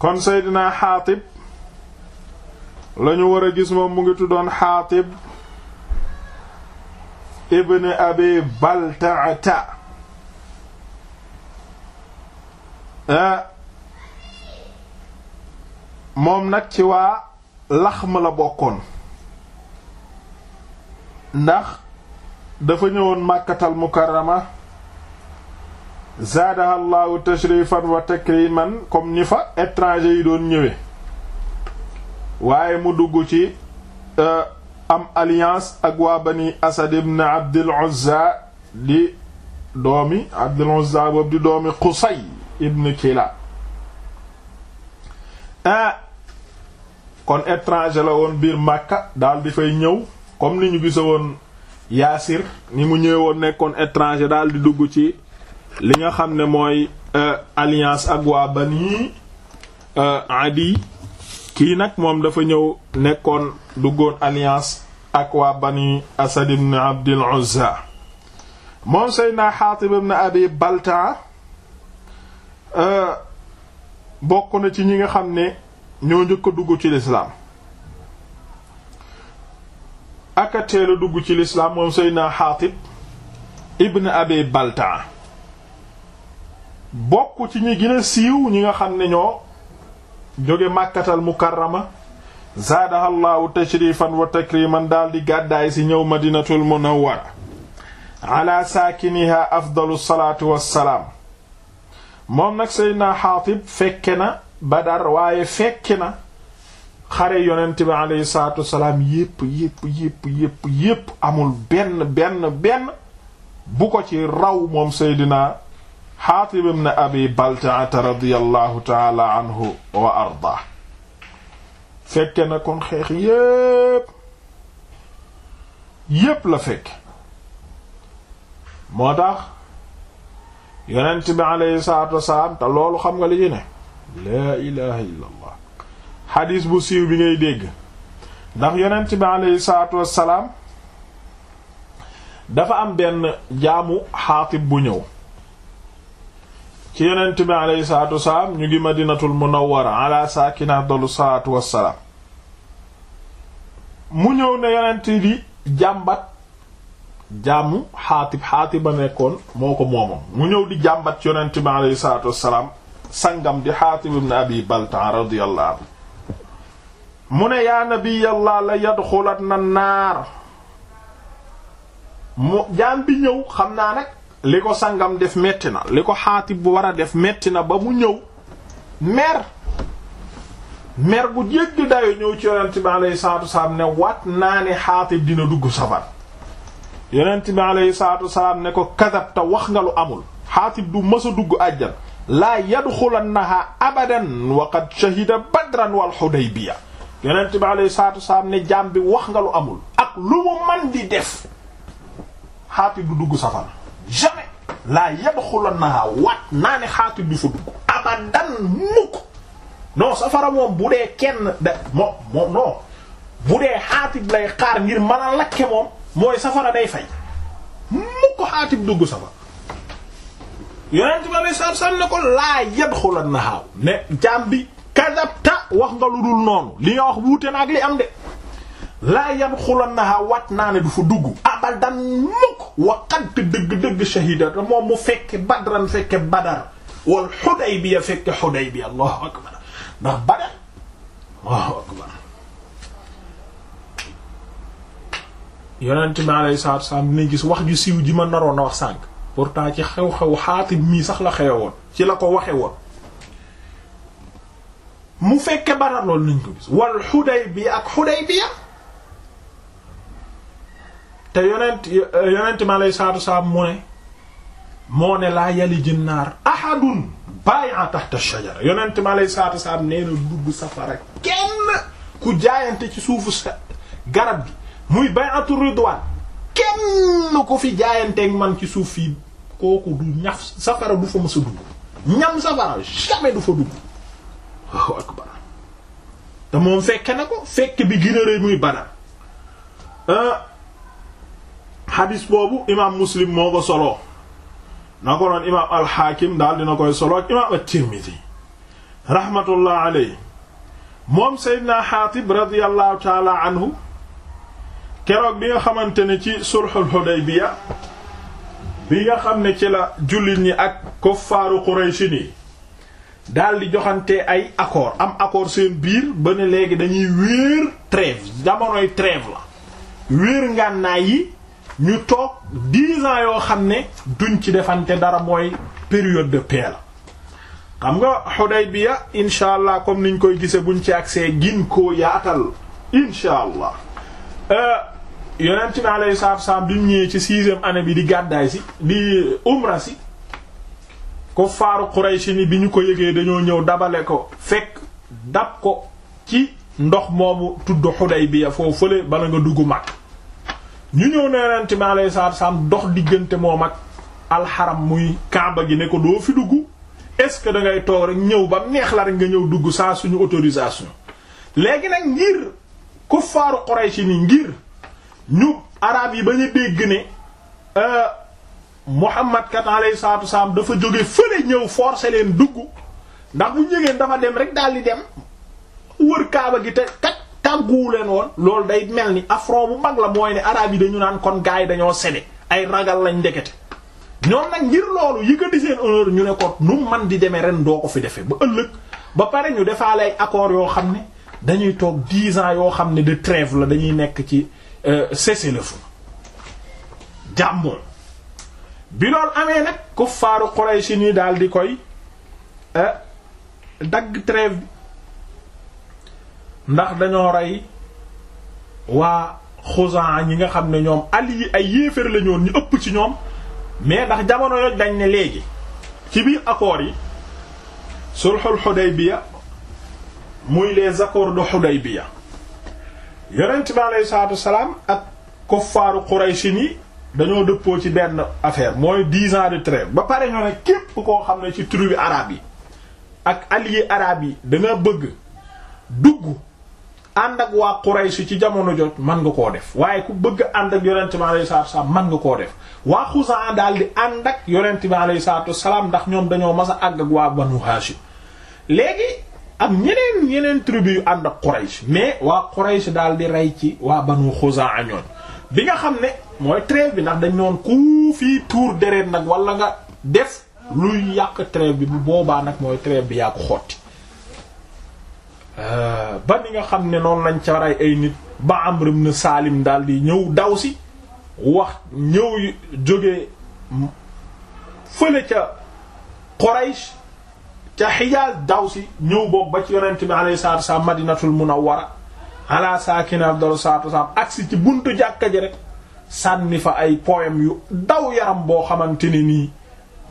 kon Seydina Xaatib lañu war a gis moom mu ngi tuddoon Xaatib ibn Abi Baltaata eh, moom nag ci waa Laxm la bokkoon ndax dafa ñëwoon Màkkatal mukarama zaadaha llahu tashrifan wa takriman comme ni fa étranger yi doon ñëwe waaye mu dugg ci euh, am alliance ak waa bani asad ibn abdul uzza di doomi abdul uzza boobu di doomi qusay ibn kila ah, kon étranger la woon biir màkka daal di fay ñëw comme ni ñu gise woon yasir ni mu ñëwee woon nekkoon étranger daal di dugg ci li nga xam ne mooy euh, alliance ak waa Bani euh, Adi kii nag moom dafa ñëw nekkoon duggoon alliance ak waa Bani Asad ibn Abdil Uzza moom Seydina Xaatib ibn Abi Baltaa euh, bokk na ci ñi nga xam ne ñoo njëkk dugg ci lislaam aka teel dugg ci lislaam moom Seydina Xaatib ibn Abi Baltaa bokk ci ñi gën siiw ñi nga xam ne ñoo jóge màkkatal mukarrama zaadahallahu tashrifan wa takriman daal di gàddaay si ñëw madinatul munawwara ala saakiniha afdalu salaatu wassalaam moom nag seydna xaatib fekke na badar waaye fekke na xare yonent bi aleyhi salaatu wassalaam yépp yépp yépp yépp amul benn benn benn bu ko ci raw moom seydna Xaatib ibn Abi Baltaata radiyallahu taala anhu wa arda fekke na kon xeex yépp yépp la fekk moo tax yonent bi aleyhi salaatu wasalaam te loolu xam nga li ci ne laa ilaha illa allah xadiis bu siiw bi ngay dégg ndax yonent bi aleyhi salaatu wasalaam dafa am benn jaamu Xaatib bu ñëw ci yonent bi aleyhi salaatu ñu ngi madinatul munawwara ala saakina afdalu salaatu wassalaam mu ñëw ne yonent bi jàmbat jàmmu xaatib xaatib nekkoon moo ko moomoon mu ñëw di jàmbat yonent bi aleyhi salaatu wassalaam sangam di xaatib ibn abi baltan radiyallahu anhu mu ne yaa nabiyallah la yadxulat na naar mu jaam bi ñëw xam naa nag li ko sangam def metti na li ko xaatib bu war a def metti na ba mu ñëw mer mer bu jéggi dayo ñëw ci yonent bi alayhi salaatu wasalaam ne waat naa ne xaatib dina dugg safar yonent bi alayhi salaatu wasalaam ne ko kadabta wax nga lu amul xaatib du mësa dugg àjjan laa yadxulannaha abadan wa qad shahida badran wal xudaybiya yonent bi alayhi salaatu wasalaam ne jaam bi wax nga lu amul ak lu mu man di def xaatib du dugg safar jamais laa yadxulannaha waat naa ne xaatib du fa dugg abadan mukk non safara moom bu dee kenn da moom moom non bu dee xaatib lay xaar ngir mën la lakke moom mooy safara day fay mukk xaatib dugg safara yonent bi alei satu salaam ne ko laa yadxulannaha ne jaam bi kadabta wax nga lu dul noonu li nga wax wuute na ak li am de laa yadxulannaha waat naa ne du fa dugg abadan mukk waqad dëgg-dëgg shahida moom mu fekke badran fekke badar wal Hudaybiya fekke Hudaybiya allahu akbar ndax badar allahu akbar yonent bi alayhi salaatu wassalaam dinañ gis wax ju siw ji ma naroon a wax sànq pourtant ci xew-xew Xaatib mii sax la xewe woon ci la ko waxe woon mu fekke badar loolu nañ ko gis wal Hudaybiya ak Hudaybiya te yonent yonent mi aleyhi salaatu wasalaam mu ne moo ne laa yali jinnaar ahadun bay'a tahta shajara yonent mi aleyhi salaatu wasalaam nee dugg safara kenn ku jaayante ci suufu sa garab gi muy bay'atu ridwaan kenn ku fi jaayanteeg man ci suuf yi kooku du ñaf safara du fa mës dugg ñam safara jamais du fa dugg waaw akbar te moom fekke na ko fekk bi gën a muy Badar ah, xadis boobu imaam muslim moo ko soloo na ko noon imaam alxaakim daal dina koy soloo ak imaam at-tirmidi rahmatullah aley moom seydna xaatib radiallahu taala anhu keroog bi nga xamante ne ci sulxul xudaybiya bi nga xam ne ci la jullit ñi ak kuffaaru qurayshi ni joxante ay accord am accord seen biir ba ne léegi dañuy wéer trêve jamonoy trêve la wéer ngànnaay yi ñu toog dix yoo xam ne duñ ci defante dara mooy période de paix xam nga bi incha allah comme niñ koy gisee buñ ci see gin ko yaatal incha allah euh, yonent bi alayhi bi mu ci sixième année bi di gàddaay si di umra si ko faaru Quraysh ni bi ñu ko yëgee dañoo ñëw dabale ko fekk dab ko ci ndox moomu tudd Hudaybiya foo fële bala nga dugg mag ñu ñëw ne yonent bi alayhi salaatu dox diggante moom ak alxaram muy kaaba gi ne ko doo fi dugg est-ce que da ngay toog rek ñëw ba neex la rek nga ñëw dugg sans suñu autorisation léegi nag ngir kuffaaru Quraysh ni ngir ñu arab yi bañ a dégg ne euh, Muhammad kat alayhi salaatu salaam dafa jóge fële ñëw forcer leen dugg ndax mu ñu yëgeen dafa dem rek daal di dem wër kaaba gi te kat tàgguwu leen woon loolu day mel ni affront bu mag la mooy ne araab yi dañu naan kon gars yi dañoo sede ay ragal lañ ndekete ñoom nag ngir loolu yëkkati seen honneur ñu ne ko nu man di demee ren doo ko fi defee ba ëllëg ba pare ñu defaale ay yoo xam ne dañuy toog dix ans yoo xam ne de trêve la dañuy nekk ci euh, cessez fu feu jàmmoon bi loolu amee nag kuffaaru Quraysh ni daal di koy euh, dagg trêve ndax dañoo rey waa Xuzaa ñi nga xam ne ñoom ali ay yéeféer la ñu ëpp ci ñoom mais ndax jamono yoj dañ ne léegi ci biir accords yi sulhul Hudaybiya muy les accords de Hudaybiya yonent bi aleyhi salaatu wasalaam ak kuffaaru Quraysin yi dañoo dëppoo ci benn affaire mooy dix ans de trêve ba pare ñoo ne képp koo xam ne ci tribu arabe yi ak yi arabes yi danga bëgg dugg ànd ak waa Quraysh ci jamono jot man nga koo def waaye ku bëgg ànd ak yonent bi alayhi salaatu salaam man nga koo def waa Xuzaa daal di ànd ak yonent bi alayhi salaatu salaam ndax ñoom dañoo mas a àgg ak waa Banu Haashim léegi ak ñeneen ñeneen tribu yu ànd ak Quraysh mais waa Quraysh daal di rey ci waa Banu Xuzaa ñoon bi nga xam ne mooy trêve bi ndax dañ noon ku fii tuur deret nag wala nga def luy yàq trêve bi bu boobaa nag mooy trêve bi yaa ko xotti Euh, ba ni nga xam ne noonu lañ ca rey ay nit ba Amr ibn Salim daal di ñëw daw si wax ñëw jóge fële ca Quraysh ca Hijaaz daw si ñëw boobu ba ci yonent bi alayhi salaatu wassalaam Madinatul Munawwara ala saakina afdalu salaatu wassalaam agsi ci buntu jàkka ji rek sànni fa ay poème yu daw yaram boo xamante ne nii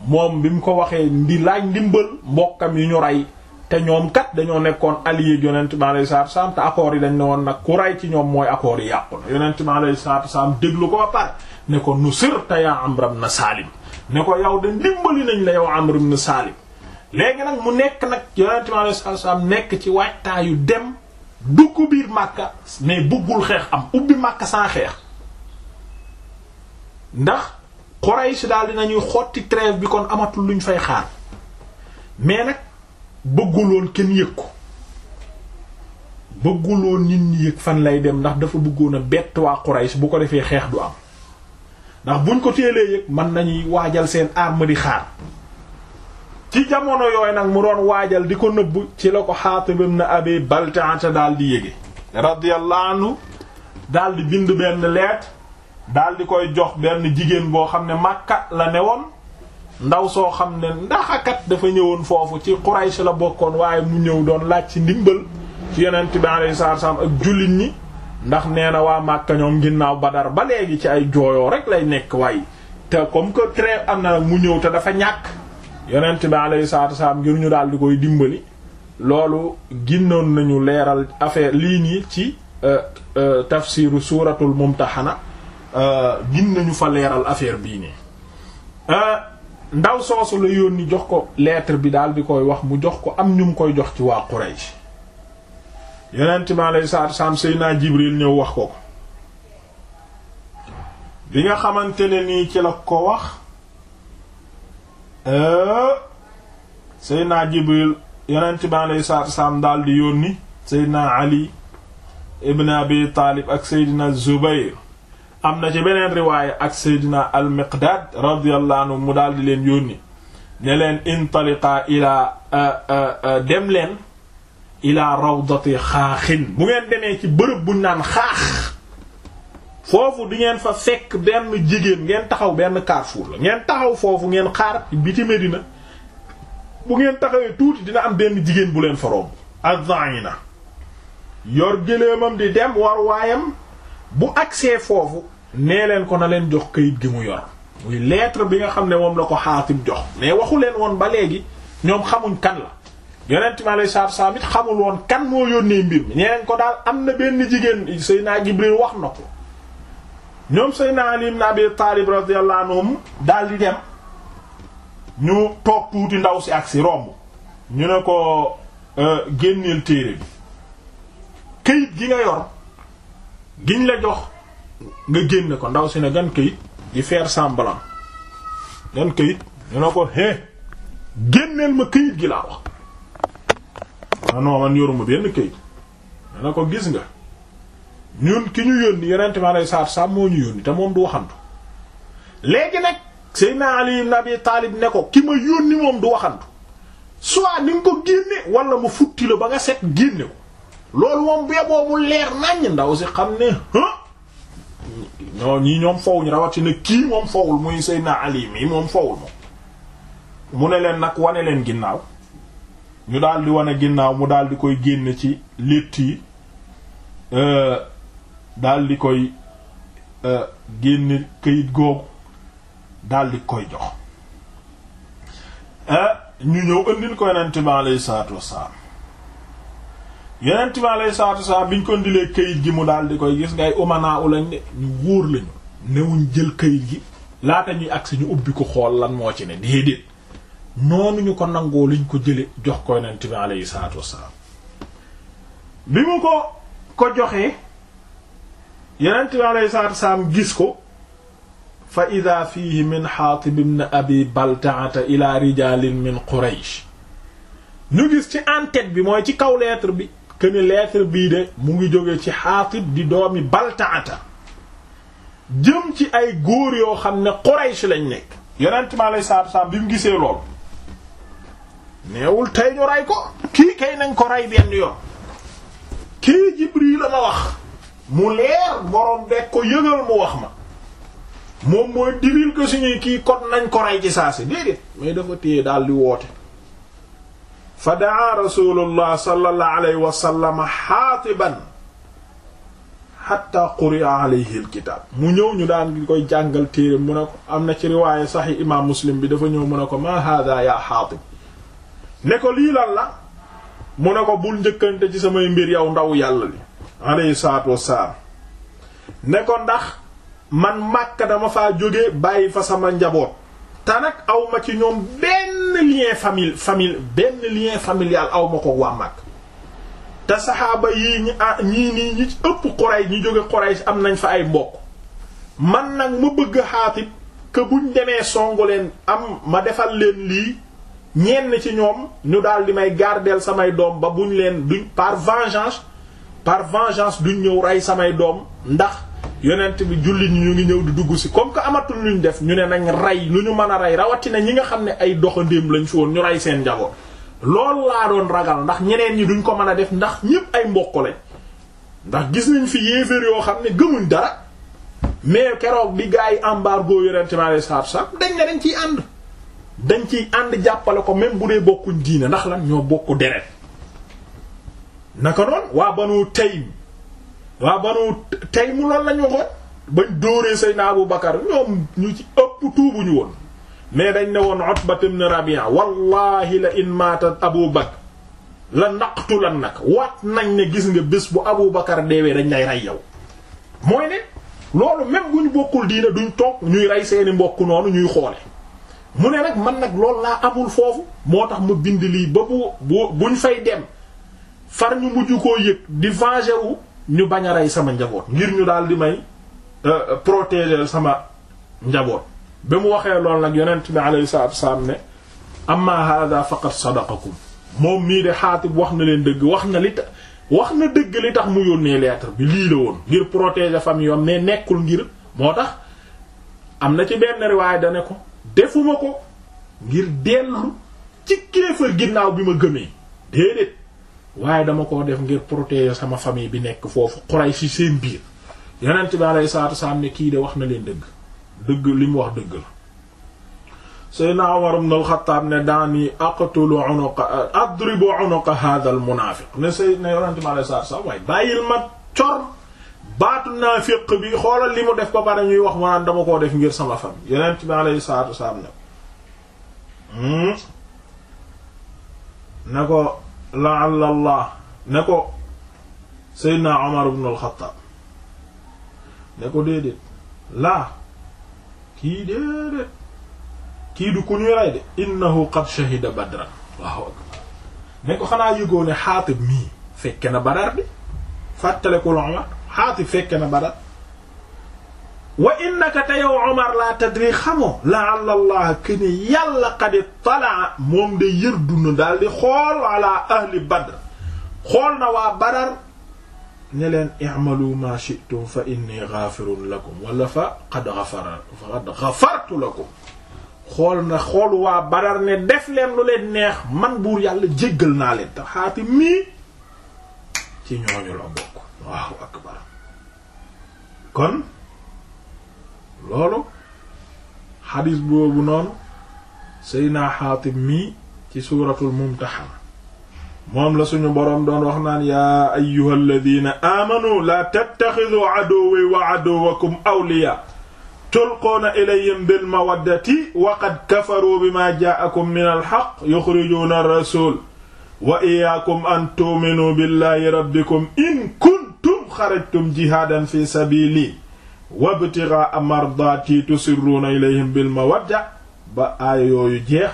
moom bi mu ko waxee ndi laaj ndimbal mbokkam yu ñu ray te ñoom kat dañoo nekkoon allié yonent bi alayhi salaatu salaam te accords yi dañ ne woon nag ku ray ci ñoom mooy accords yi yàqu na yonent bi alayhi salaatu salaam déglu ko ba pare ne ko nusirta yaa Amr ibn Salim ne ko yow de ndimbali nañ la yow Amr ibn Salim léegi nag mu nekk nag yonent bi alayhi salaatu nekk ci waajtaayu dem dugg biir Makka mais buggul xeex am ubbi Makka sans xeex ndax Quraysh daal dinañuy xotti trêve bi kon amatul luñ fay xaar mais nag. bëgguloon kenn yëg ko bëgguloon nit ñi yëg fan lay dem ndax dafa bëggoon a bett waa Quraysh bu ko defee xeex du am ndax buñ ko teelee yëg mën nañuy waajal seen arme di xaar ci jamono yooyu nag mu doon waajal di ko nëbb ci la ko Xaatib na Abi Balta'a daal di yége radiyallahu anhu daal bind benn leet daal di koy jox benn jigéen boo xam ne Makka la ne woon ndaw soo xam ne ndaxakat dafa ñëwoon foofu ci Quraysh la bokkoon waaye mu ñëw doon laaj si ndimbal ci yonent bi alayhi salaatu salaam ak jullit ñi ndax nee na waa Màkka ñoom ginnaaw Badar ba léegi ci ay jooyoo rek lay nekk waaye te comme que crève am na mu ñëw te dafa ñàkk yonent bi alayhi salaatu salaam ngir ñu daal di koy dimbali loolu ginnoon nañu leeral affaire lii nii ci euh, euh, tafsiru suuratul mumtahana euh, gin nañu fa leeral affaire bii nii ndaw soosu la yónni jox ko lettre bi daal di koy wax mu jox ko am ñu mu koy jox ci waa Quraysh yonent mi lay salaatu salaam Seydina Jibril ñëw wax ko ko bi nga xamante ne nii ci la ko wax euh, Seydina Jibril yonent mi alayhi salaatu salaam daal di yónni Seydina Ali ibn Abi Taalib ak Seydina Zubayr am na ci beneen riwaaya ak seydina al miqdad radiyallahu anhu mu daal di leen yónni ne leen intaliqa ila dem leen ila rawdati xaaxin bu ngeen demee ci bërëb buñ naan xaax foofu di ngeen fa fekk benn jigéen ngeen taxaw benn carrefour la ngeen taxaw foofu ngeen xaar biti Medina bu ngeen taxawee tuuti dina am benn jigéen bu leen fa romb azzaina yor gëléemam di dem war waayam bu agsee foofu nee leen ko na leen jox kayit gi mu yor muy lettre bi nga xam ne moom la ko Xaatim jox mais waxu leen woon ba léegi ñoom xamuñ kan la yonent mi alayhi salaatu xamul woon kan moo yónnee mbir mi ñeneen ko daal am na benn jigéen Seydina Jibril wax na ko ñoom Seydina Ali ibn Abi Taalib radiyallahu anhum daal di dem ñu toog tuuti ndaw si ak si romb ñu ne ko euh, génneel téere bi kayit gi nga yor giñ la jox nga génn ko ndaw si ne gan kayit di faire semblant gan kayit ñu ne ko hé génneel ma kayit gi laa wax non man yoruma benn kayit ñu ne ko gis nga ñun ki ñu yónni yeneen ma lay saar saam moo ñu yónni te moom du waxantu léegi nag Seydina Ali ibn Abi Taalib ne ko ki ma yónni moom du waxantu soit ni nga ko génne wala ma futti la ba nga set génne ko loolu moom bee boobu leer naññ ndaw si xam ne ñoo ñii ñoom fowuñu rawatina kii moom fowul muy Seydina Ali yi moom fowul moom mu ne leen nag wane leen ginnaaw ñu daal di wane ginnaaw mu daal di koy génn ci létt yi euh, daldi koy euh, génn këyit googu daldi koy jox euh, ñu ñëw indil ko yonent bi alayhi salaatu wassalaam yonent bi alayhi salaatu wasalaam biñ ko ndilee këyit gi mu daal di koy gis ngay umanaa u lañ de ñu wóor lañu newuñ jël këyit gi laata ñuy agsi ñu ubbi ko xool lan moo ci ne déedéet noonu ñu ko nangoo liñ ko jële jox ko yonent bi alayhi salaatu wasalaam bi mu ko ko joxee yonent bi alayhi salaatu wasalaam gis ko fa ida fihi min Xaatib ibn Abi Baltaata ila rijalin min Quraysh ñu gis ci en bi mooy ci kaw lettre bi këni lettre bii de mu ngi jóge ci Xaatib di doomi Baltaata jëm ci ay góor yoo xam ne Quraysh lañ nekk yonent ma lay saab saab bi mu gisee lool neewul tey ñu rey ko kii kay nañ ko rey benn yoon kii Jibril la ma wax mu leer borom de ko yëgal mu wax ma moom mooy diril ko suñuy kii kon nañ ko rey ci saa si déedéet mais dafa téye daal di woote fa daa rasulullah sallallahu alayhi wa sallam xaatiban xatta quri'a alayhi mu ñëw ñu daan di koy jàngal téere mu ne ko am na ci riwaaye saxi imaam muslim bi dafa ñëw mu ne ko ma hada yaa xaatib ne ko lii lan la mu ne ko bul njëkkante ci samay mbir yow ndaw yàlla li alayhi salaatu ne ko ndax man màkk dama faa jóge bàyyi fa sama njaboot te nag aw ma ci ñoom benn lien famille famille benn lien familial aw ma ko waa Makka te saxaaba yii ñi ah ñii nii ñi ëpp Quraysh ñi jóge Quraysh am nañ fa ay mbokk man nag ma bëgg a Xaatib que buñ demee songu leen am ma defal leen lii ñenn ci ñoom ñu daal di may gardeel samay doom ba buñ leen duñ par vengeance par vengeance duñ ñëw rey samay doom ndax. yonent bi jullit ñi ñu ngi ñëw di dugg si comme que amatul luñu def ñu ne nañ rey lu ñu mën a rey rawatina ñi nga xam ne ay doxandéem lañ fi woon ñu rey seen njaboot. lool laa doon ragal ndax ñeneen ñi duñ ko mën a def ndax ñépp ay mbokk lañ ndax gis nañ fi yéeféer yoo xam ne gëmuñ dara mais keroog bi gars yi embargo yonent bi alayhi salaatu salaam dañ ne dañ ciy ànd. dañ ciy ànd jàppale ko même bu dee bokkuñ diine ndax lan ñoo bokku deret naka noonu waa Banu Taym waaw banu tey mu loolu lañu waxoon bañ dóoree na Abu Bakar ñoom ñu ci ëpp tuubuñu woon mais dañ ne woon Utbat ibn Rabi'a wallahi la in maatat Abu Bakar la naqtu lan nag waat nañ ne gis nga bés bu Abu Bakar deewee dañ lay rey yow mooy ne loolu même bu bokkul diine duñ toog ñuy rey seeni mbokk noonu ñuy xoole mu ne nag man nag loolu laa amul foofu moo tax mu bind lii ba bu buñ fay dem far ñu mujj koo yëg di venger wu ñu bañ a rey sama njaboot ngir ñu daal di may euh, euh, protéger sama njaboot ba mu waxee lool nag yonent bi alayhi salaatu wasalaam ne amma hada faqad sadaqakum moom mii de Xaatib wax na leen dëgg wax na li tax wax na dëgg li tax mu yónnee lettre bi lii la woon ngir protéger famille am mais nekkul ngir moo tax am na ci benn riwaay da ko defuma ko ngir dellu ci kéefër ginnaaw bi ma gëmee déedéet waaye dama koo def ngir protéger sama famille bi nekk foofu xuray si seen biir yonent bi alayhi salaatu wasalaam ne kii de wax na leen dëgg dëgg li mu wax dëgg la Seydina Umar ibn al-Khattab ne daani aqtulu unuqa adribu unuqa hadha al-munafiq ne Seydina yonent bi alayhi salaatu wasalaam waaye bàyyil ma cor baatu naafiq bi xoolal li mu def ba pare ñuy wax ma naan dama koo def ngir sama famille yonent bi alayhi salaatu wasalaam ne na ko hmm? la'allallah ne ko Seydina Omar ibn al ne ko déedéet laa kii déedéet kii du ku ñuy rey de innahu qad shahida badran Allahu ne ko xanaa yëgoo ne Xaatib mii fekke na Badar bi fàttalikul Omar Xaatib fekke na Badar wa innaka te yow Omar laa tadri xamoo laal allah këne yàlla xadi talaa moom de yërdu na daal di xool ala ahli badr xool na waa badar ne leen i'malu ma shi'tum fa inni ghafirun lakum wala fa qad ghafara fa qad ghafartu lakum xool na xool waa badar ne def leen lu leen neex man buur yàlla jéggal naa leen te xaati mii ci ñooñu la bokk waaw akbar kon loolu xadis boobu noonu Seydina Xaatib mii ci suuratul Mumtaxana moom la suñu boroom doon wax naan yaa ayyuhal ladiina aamanu laa tattaxidu aduwwi wa aduwwakum awliyaa tulquuna ilayhim bil mawaddati wa qad kafaruu bimaa jaa'akum minal haqq yuxrijuuna rasuul wa iyyaakum an tu'minuu billaahi rabbikum in kuntum xarajtum jihaadan fi sabiilii wabtiraa mardati tusirruuna ilayhim bil mawadda ba aaya yooyu jeex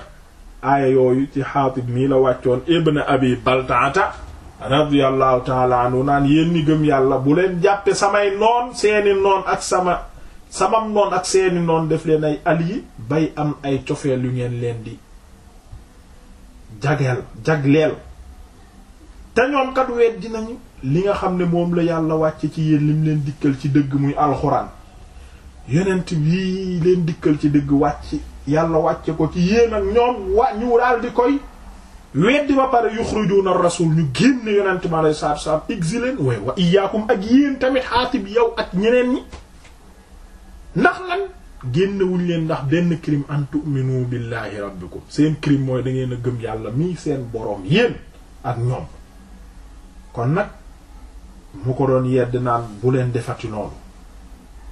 aaya yooyu ci xaatib mii la wàccoon ibn abi baltaata radiyallahu taala anhu naan yéen gëm yàlla bu leen jàppe samay noon seeni noon ak sama samam noon ak seeni noon def leen ay ali bay am ay cofeel yu ngeen leen di jageel jagleel te ñoom weet dinañu li nga xam ne moom la yàlla wàcce ci yéen lim leen dikkal ci dëgg muy alxuraan yonent bi leen dikkal ci dëgg wàcc yàlla wàcce ko ci yéen ak ñoom wa ñu daal di koy weddi ba pare yuxrujuuna rasul ñu génn yonent bi la salaatu wassalaam exileen way wa iyaakum ak yéen tamit xaatib yow ak ñeneen ñi ndax lan génnewuñ leen ndax benn crime an tu'minu billahi ko seen crime mooy da ngeen a gëm yàlla mii seen boroom yéen ak ñoom kon nag mu ko doon yedd naan bu leen defati noonu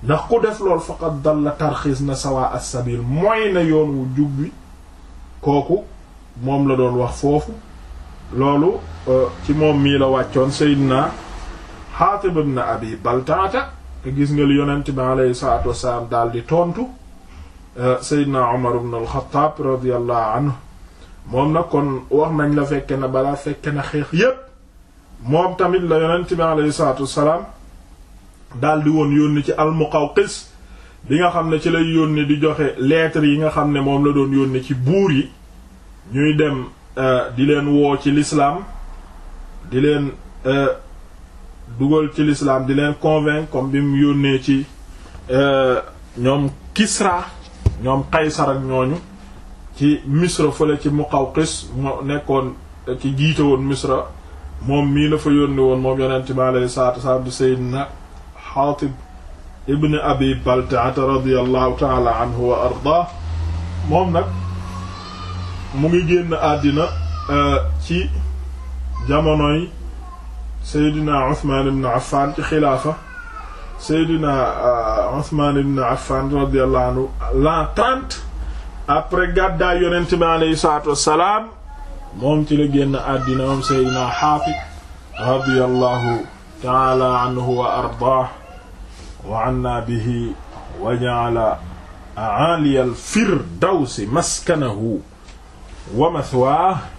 ndax ku def lool faqat dal tarxiis na sawa as-sabil mooy na yoon wu jub kooku moom la doon wax foofu loolu euh, ci moom mii la wàccoon Seydina Xaatib ibn Abi Baltaata te gis nga li yonent bi aleyhi salaatu wasalaam daal di tontu euh, Seydina Umar ibn al-Xattaab anhu moom nag kon wax nañ la fekke na balaa fekke na xeex yépp moom tamit la yonent bi aleyhi salaatu wassalaam daldi woon yónni ci al-Muqawqis bi nga xam ne ci lay yónni di joxe lettres yi nga xam ne moom la doon yónni ci buur yi ñuy dem euh, di leen woo ci lislaam di leen euh, dugal ci lislaam di leen convaincre comme bi mu yónnee ci euh, ñoom Kisra ñoom Qaysar ak ñooñu ci Misra fële ci mu xaw Muqawqis moo nekkoon ci jiite woon Misra moom mii la fa yónni woon moom yonent bi alayhi salaatu wasalaam di seydina xaatib ibn abi baltaata radiallahu taala anhu wa arda moom nag mu ngi génn àddina euh, ci jamonoy seydina uthman ibn affan ci xilaafa seydina uthman ibn affan radiallahu anhu l'an trente après gàddaay yonent bi alayhi salaatu wasalaam moom ci la génn àddina moom Seydina Xaafid radiyallahu taala anhu wa ardaah wa anna bihi wa ja'ala a'ali al-firdawsi maskanahu wa mathwaahu